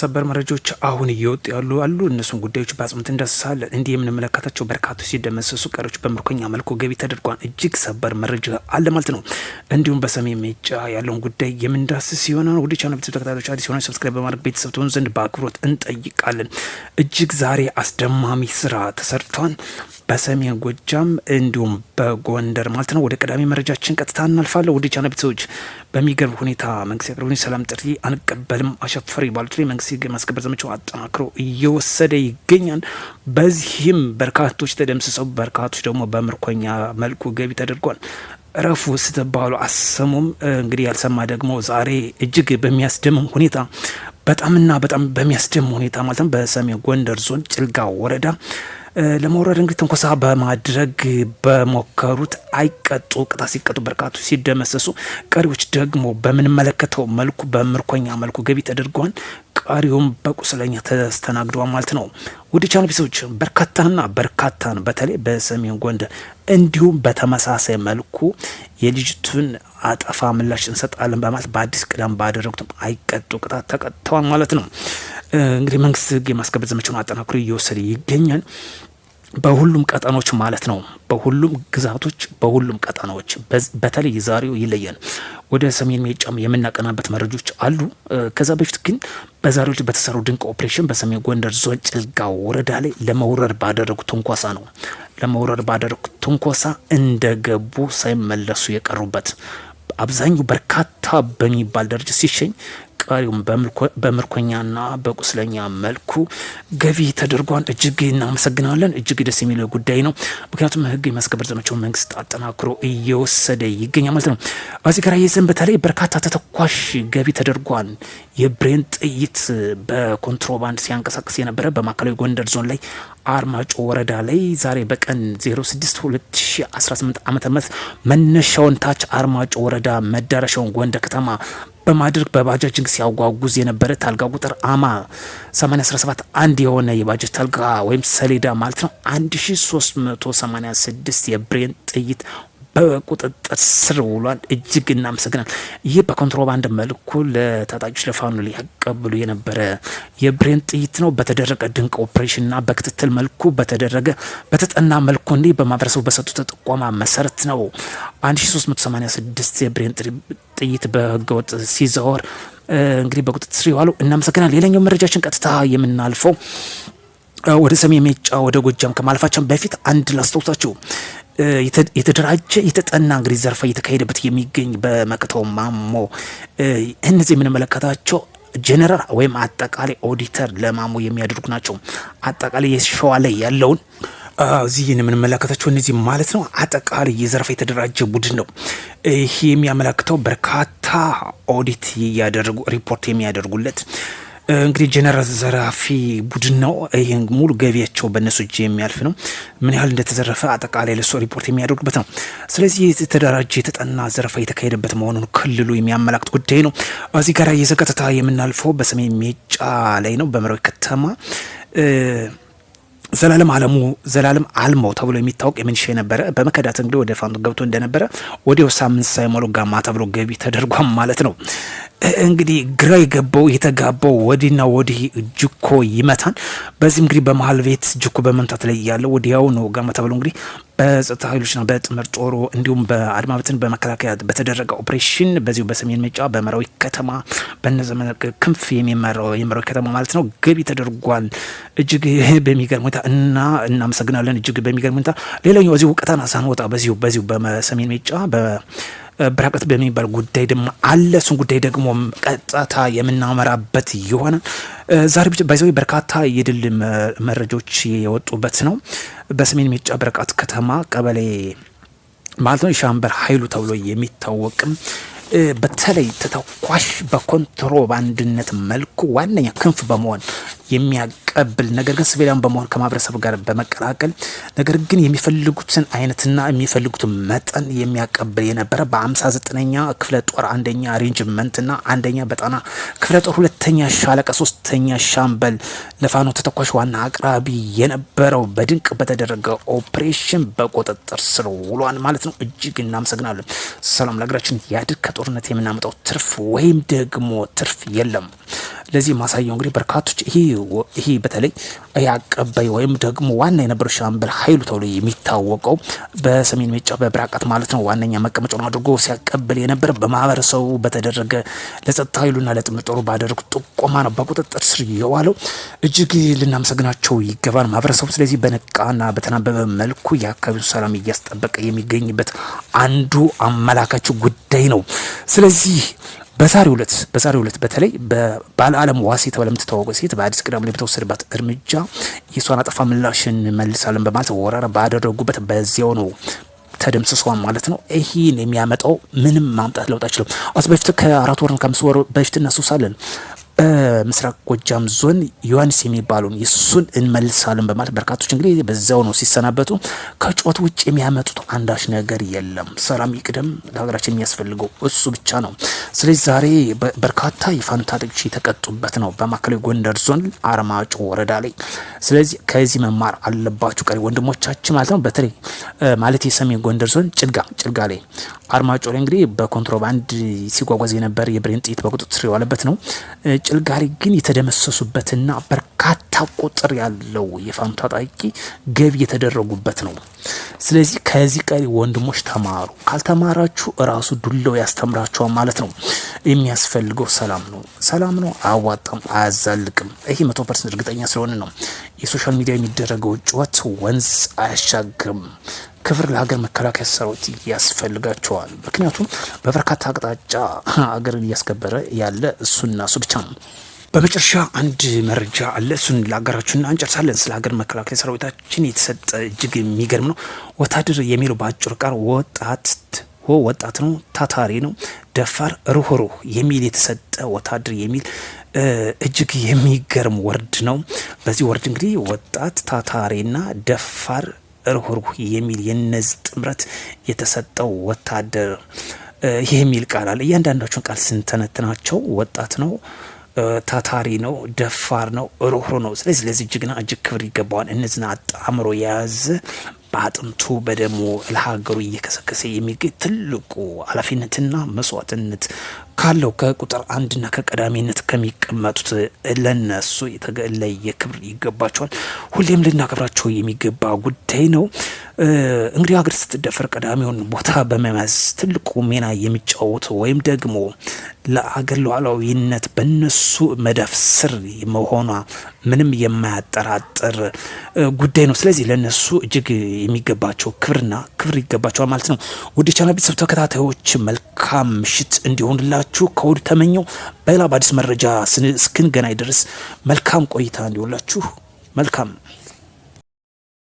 ሰበር መረጃዎች አሁን እየወጡ ያሉ አሉ። እነሱን ጉዳዮች በአጽንኦት እንዳስሳለን። እንዲህ የምንመለከታቸው በርካቶች ሲደመሰሱ፣ ቀሪዎች በምርኮኛ መልኩ ገቢ ተደርጓል። እጅግ ሰበር መረጃ አለ ማለት ነው። እንዲሁም በሰሜን ሜጫ ያለውን ጉዳይ የምንዳስስ ሲሆነ ወደ ቻና ቤተሰብ ተከታታዮች አዲስ ሆነ ሰብስክራይብ በማድረግ ቤተሰብ ትሆኑ ዘንድ በአክብሮት እንጠይቃለን። እጅግ ዛሬ አስደማሚ ስራ ተሰርቷል። በሰሜን ጎጃም እንዲሁም በጎንደር ማለት ነው። ወደ ቀዳሚ መረጃችን ቀጥታ እናልፋለን። ወደ ቻና ቤተሰቦች በሚገርም ሁኔታ መንግስት ያቀረበውን ሰላም ጥሪ አንቀበልም አሸፈሪ ባሉት ላይ መንግስት ህግ ማስከበር ዘመቻው አጠናክሮ እየወሰደ ይገኛል። በዚህም በርካቶች ተደምስሰው በርካቶች ደግሞ በምርኮኛ መልኩ ገቢ ተደርጓል። እረፉ ስትባሉ አሰሙም። እንግዲህ ያልሰማ ደግሞ ዛሬ እጅግ በሚያስደምም ሁኔታ በጣምና በጣም በሚያስደምም ሁኔታ ማለት ነው በሰሜን ጎንደር ዞን ጭልጋ ወረዳ ለመውረድ እንግዲህ ትንኮሳ በማድረግ በሞከሩት አይቀጡ ቅጣት ሲቀጡ በርካቱ ሲደመሰሱ፣ ቀሪዎች ደግሞ በምንመለከተው መልኩ በምርኮኛ መልኩ ገቢ ተደርገዋል። ፈጣሪውም በቁስለኛ ተስተናግዷ ማለት ነው። ውድ ቻናል ቤተሰቦች በርካታና በርካታን በተለይ በሰሜን ጎንደር እንዲሁም በተመሳሳይ መልኩ የልጅቱን አጠፋ ምላሽ እንሰጣለን በማለት በአዲስ ቅዳም ባደረጉትም አይቀጡ ቅጣት ተቀጥተዋል ማለት ነው። እንግዲህ መንግስት ህግ የማስከበር ዘመቻውን አጠናክሮ እየወሰደ ይገኛል። በሁሉም ቀጠኖች ማለት ነው። በሁሉም ግዛቶች፣ በሁሉም ቀጠናዎች በተለይ ዛሬው ይለያል። ወደ ሰሜን ሜጫም የምናቀናበት መረጃዎች አሉ። ከዛ በፊት ግን በዛሬዎች በተሰሩ በተሰራው ድንቅ ኦፕሬሽን በሰሜን ጎንደር ዞን ጭልጋ ወረዳ ላይ ለመውረር ባደረጉ ትንኮሳ ነው ለመውረር ባደረጉ ትንኮሳ እንደገቡ ሳይመለሱ የቀሩበት አብዛኛው በርካታ በሚባል ደረጃ ሲሸኝ ቀሪውም በምርኮኛና በቁስለኛ መልኩ ገቢ ተደርጓን እጅግ እናመሰግናለን። እጅግ ደስ የሚል ጉዳይ ነው። ምክንያቱም ህግ የማስከበር ዘመቻውን መንግስት አጠናክሮ እየወሰደ ይገኛል ማለት ነው። እዚህ ጋር ይዘን በተለይ በርካታ ተተኳሽ ገቢ ተደርጓን የብሬን ጥይት በኮንትሮባንድ ሲያንቀሳቅስ የነበረ በማዕከላዊ ጎንደር ዞን ላይ አርማጮ ወረዳ ላይ ዛሬ በቀን 06 2018 ዓ ም መነሻውን ታች አርማጮ ወረዳ መዳረሻውን ጎንደር ከተማ በማድረግ በባጃጅንግ ሲያጓጉዝ የነበረ ታልጋ ቁጥር አማ 817 አንድ የሆነ የባጃጅ ታልጋ ወይም ሰሌዳ ማለት ነው 1386 የብሬን ጥይት በቁጥጥር ስር ውሏል። እጅግ እናመሰግናል። ይህ በኮንትሮባንድ መልኩ ለታጣቂዎች ለፋኑ ሊያቀብሉ የነበረ የብሬን ጥይት ነው። በተደረገ ድንቅ ኦፕሬሽንና በክትትል መልኩ በተደረገ በተጠና መልኩ እንዲህ በማህበረሰቡ በሰጡት ጥቆማ መሰረት ነው 1386 የብሬን ጥይት በህገወጥ ሲዘወር እንግዲህ በቁጥጥር ስር የዋለው እናመሰግናል። ሌላኛው መረጃችን ቀጥታ የምናልፈው ወደ ሰሜን ሜጫ ወደ ጎጃም ከማለፋችን በፊት አንድ ላስታውሳችሁ የተደራጀ የተጠና እንግዲህ ዘርፋ እየተካሄደበት የሚገኝ በመቅተው ማሞ እነዚህ የምንመለከታቸው ጀነራል ወይም አጠቃላይ ኦዲተር ለማሞ የሚያደርጉ ናቸው። አጠቃላይ የሸዋ ላይ ያለውን እዚህ የምንመለከታቸው እነዚህ ማለት ነው። አጠቃላይ የዘርፋ የተደራጀ ቡድን ነው። ይህ የሚያመለክተው በርካታ ኦዲት እያደረጉ ሪፖርት የሚያደርጉለት እንግዲህ ጀነራል ዘራፊ ቡድን ነው። ይህ ሙሉ ገቢያቸው በእነሱ እጅ የሚያልፍ ነው። ምን ያህል እንደተዘረፈ አጠቃላይ ለሱ ሪፖርት የሚያደርጉበት ነው። ስለዚህ የተደራጀ የተጠና ዘረፋ የተካሄደበት መሆኑን ክልሉ የሚያመላክት ጉዳይ ነው። እዚህ ጋር የዘቀጥታ የምናልፈው በሰሜን ሜጫ ላይ ነው በመራዊ ከተማ ዘላለም አለሙ ዘላለም አልሞ ተብሎ የሚታወቅ የመንሽ ነበረ በመከዳት እንግዲህ ወደ ፋንቱ ገብቶ እንደነበረ ወዲያው ሳምንት ሳይሞላው ጋማ ተብሎ ገቢ ተደርጓም ማለት ነው። እንግዲህ ግራ የገባው የተጋባው ወዲና ወዲህ ጅኮ ይመታል በዚህ እንግዲህ በመሀል ቤት ጅኮ በመምታት ላይ ያለው ወዲያው ነው ጋማ ተብሎ እንግዲህ በጸጥታ ኃይሎችና በጥምር ጦሩ እንዲሁም በአድማ በመከላከያ በተደረገ ኦፕሬሽን በዚሁ በሰሜን መጫ በመራዊ ከተማ በነዘመነ ክንፍ የሚመራው የመራዊ ከተማ ማለት ነው ገቢ ተደርጓል። እጅግ በሚገርም ሁኔታ እና እናመሰግናለን። እጅግ በሚገርም ሁኔታ ሌላኛው እዚሁ ቀጠና ሳንወጣ በዚሁ በዚሁ በሰሜን መጫ ብራቀት በሚባል ጉዳይ ደግሞ አለ። እሱን ጉዳይ ደግሞ ቀጥታ የምናመራበት ይሆናል። ዛሬ ባይዘዊ በርካታ የድል መረጃዎች የወጡበት ነው። በሰሜን ሜጫ ብራቀት ከተማ ቀበሌ ማለት ነው የሻምበር ኃይሉ ተብሎ የሚታወቅም በተለይ ተተኳሽ በኮንትሮባንድነት መልኩ ዋነኛ ክንፍ በመሆን የሚያቀብል ነገር ግን ስቤላን በመሆን ከማህበረሰቡ ጋር በመቀላቀል ነገር ግን የሚፈልጉትን አይነትና የሚፈልጉትን መጠን የሚያቀብል የነበረ በ 59 ክፍለ ጦር አንደኛ ሬጅመንትና አንደኛ በጣና ክፍለ ጦር ሁለተኛ ሻለቃ ሶስተኛ ሻምበል ለፋኖ ተተኳሽ ዋና አቅራቢ የነበረው በድንቅ በተደረገ ኦፕሬሽን በቁጥጥር ስር ውሏን ማለት ነው። እጅግ እናመሰግናለን። ሰላም ለሀገራችን ያድግ። ከጦርነት የምናመጣው ትርፍ ወይም ደግሞ ትርፍ የለም። ለዚህ ማሳየው እንግዲህ በርካቶች ይሄ ይህ በተለይ ያቀበይ ወይም ደግሞ ዋና የነበር ሻምበል ኃይሉ ተብሎ የሚታወቀው በሰሜን ሜጫ በብራቃት ማለት ነው ዋነኛ መቀመጫውን አድርጎ ሲያቀብል የነበረ በማህበረሰቡ በተደረገ ለጸጥታ ኃይሉና ለጥምር ጦሩ ባደረጉ ጥቆማ ነው በቁጥጥር ስር የዋለው። እጅግ ልናመሰግናቸው ይገባል ማህበረሰቡ። ስለዚህ በነቃና በተናበበ መልኩ የአካባቢውን ሰላም እያስጠበቀ የሚገኝበት አንዱ አመላካች ጉዳይ ነው። ስለዚህ በዛሬው ዕለት በዛሬው ዕለት በተለይ በባለ ዓለም ዋሴ ተብላ የምትታወቀ ሴት በአዲስ ቅዳም ላይ በተወሰደባት እርምጃ የእሷን አጠፋ ምላሽ እንመልሳለን በማለት ወረራ ባደረጉበት በዚያው ነው ተደምስሷን ማለት ነው። ይህን የሚያመጣው ምንም ማምጣት ለውጥ አይችልም። አስ በፊት ከአራት ወርን ከአምስት ወር በፊት እናስታውሳለን በምስራቅ ጎጃም ዞን ዮሐንስ የሚባሉ የሱን እንመልሳለን በማለት በርካቶች እንግዲህ በዛው ነው ሲሰናበቱ። ከጩኸት ውጭ የሚያመጡት አንዳች ነገር የለም። ሰላም ይቅደም፣ ለሀገራችን የሚያስፈልገው እሱ ብቻ ነው። ስለዚህ ዛሬ በርካታ የፋኖ ታጣቂዎች የተቀጡበት ነው በማዕከላዊ ጎንደር ዞን አርማጮ ወረዳ ላይ። ስለዚህ ከዚህ መማር አለባችሁ ቀሪ ወንድሞቻችን ማለት ነው። በተለይ ማለት የሰሜን ጎንደር ዞን ጭልጋ ጭልጋ ላይ አርማጮ ላይ እንግዲህ በኮንትሮባንድ ሲጓጓዝ የነበረ የብሬን ጥይት በቁጥጥር የዋለበት ነው። ጭልጋሪ ግን የተደመሰሱበትና በርካታ ቁጥር ያለው የፋኖ ታጣቂ ገቢ የተደረጉበት ነው። ስለዚህ ከዚህ ቀሪ ወንድሞች ተማሩ። ካልተማራችሁ እራሱ ዱላው ያስተምራችኋል ማለት ነው። የሚያስፈልገው ሰላም ነው። ሰላም ነው፣ አያዋጣም፣ አያዛልቅም። ይህ መቶ ፐርሰንት እርግጠኛ ስለሆነ ነው። የሶሻል ሚዲያ የሚደረገው ጩኸት ወንዝ አያሻግርም። ክብር ለሀገር መከላከያ ሰራዊት ያስፈልጋቸዋል። ምክንያቱም በበርካታ አቅጣጫ ሀገርን እያስከበረ ያለ እሱና እሱ ብቻ ነው። በመጨረሻ አንድ መረጃ አለ። እሱን ለሀገራችን እንጨርሳለን። ስለ ሀገር መከላከያ ሰራዊታችን የተሰጠ እጅግ የሚገርም ነው። ወታደር የሚለው በአጭር ቃር ወጣት ወጣት ነው፣ ታታሪ ነው፣ ደፋር፣ ሩህሩህ የሚል የተሰጠ ወታደር የሚል እጅግ የሚገርም ወርድ ነው። በዚህ ወርድ እንግዲህ ወጣት ታታሪና ደፋር እርሁርሁ የሚል የነዝ ጥምረት የተሰጠው ወታደር ይህ የሚል ቃል አለ። እያንዳንዳቸውን ቃል ስንተነትናቸው ወጣት ነው፣ ታታሪ ነው፣ ደፋር ነው፣ ሩህሩ ነው። ስለዚህ ለዚህ ጀግና እጅግ ክብር ይገባዋል። እነዚህን አጣምሮ የያዘ በአጥንቱ በደሞ ለሀገሩ እየከሰከሰ የሚገኝ ትልቁ ኃላፊነትና መስዋዕትነት ካለው ከቁጥር አንድና ከቀዳሚነት ከሚቀመጡት ለነሱ የተለየ ክብር ይገባቸዋል። ሁሌም ልናከብራቸው የሚገባ ጉዳይ ነው። እንግዲህ ሀገር ስትደፈር ቀዳሚውን ቦታ በመያዝ ትልቁ ሚና የሚጫወቱ ወይም ደግሞ ለአገር ሉዓላዊነት በነሱ መደፍ ስር መሆኗ ምንም የማያጠራጥር ጉዳይ ነው። ስለዚህ ለነሱ እጅግ የሚገባቸው ክብርና ክብር ይገባቸዋል ማለት ነው። ውድ ቻና ቤተሰብ ተከታታዮች መልካም ምሽት እንዲሆንላችሁ ከወዲሁ ተመኘው። በሌላ በአዲስ መረጃ እስክንገናኝ ድረስ መልካም ቆይታ እንዲሆንላችሁ መልካም